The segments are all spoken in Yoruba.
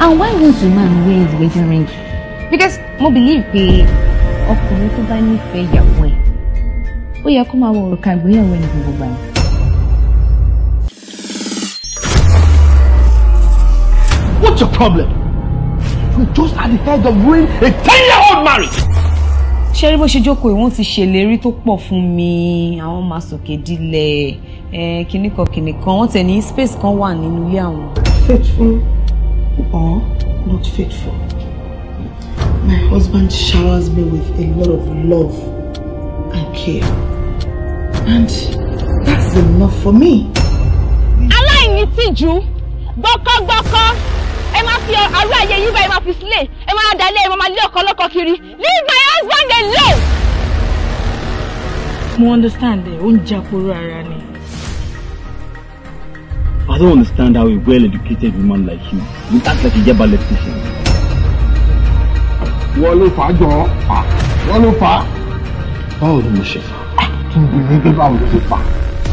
and why won't the man wear his wedding ring because mo believe pé ọkùnrin tó bá nífẹ̀ẹ́ ìyàwó ẹ̀ ó yẹ kó máa wọ òrùka ìgbéyàwó ẹ̀ ní gbogbo gbà ní. What's your problem? We just had the head of ruin a ten-year-old marriage. ṣé rí bó ṣe jókòó ìwọ́n ti ṣèlérí tó pọ̀ fún mi àwọn máa sòkè dílẹ̀ kìnnìkan kìnnìkan wọ́n tẹ̀ ní space kan wà nínú ilé àwọn. faithful or not faithful. My husband showers me with a lot of love and care. And that's enough for me. Allah in gbọ́kọ́gbọ́kọ́, ẹ boko. fi àrú àyè yín báyìí máa fi sílẹ̀, ẹ máa dalẹ̀, ẹ máa lé ọkọ Leave my husband alone! Mo understand ẹ̀, ó ń don't understand how a well-educated woman like you you act like a jẹba electrician. wọ́n ló fà á jọ fà wọ́n ló fà á. báwo ni mo ṣe fà. tún bí mi pé báwo ló ṣe fà.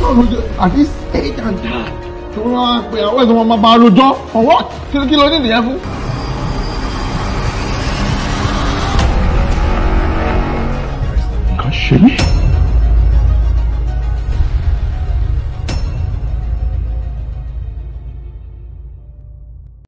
báwo ló ṣe àti eight and ten tí wọ́n wá pé àwọn ẹ̀sán wọn máa bá a rojọ́ ọ̀wọ́ kí ló ní nìyẹn fún. nǹkan ṣe mí.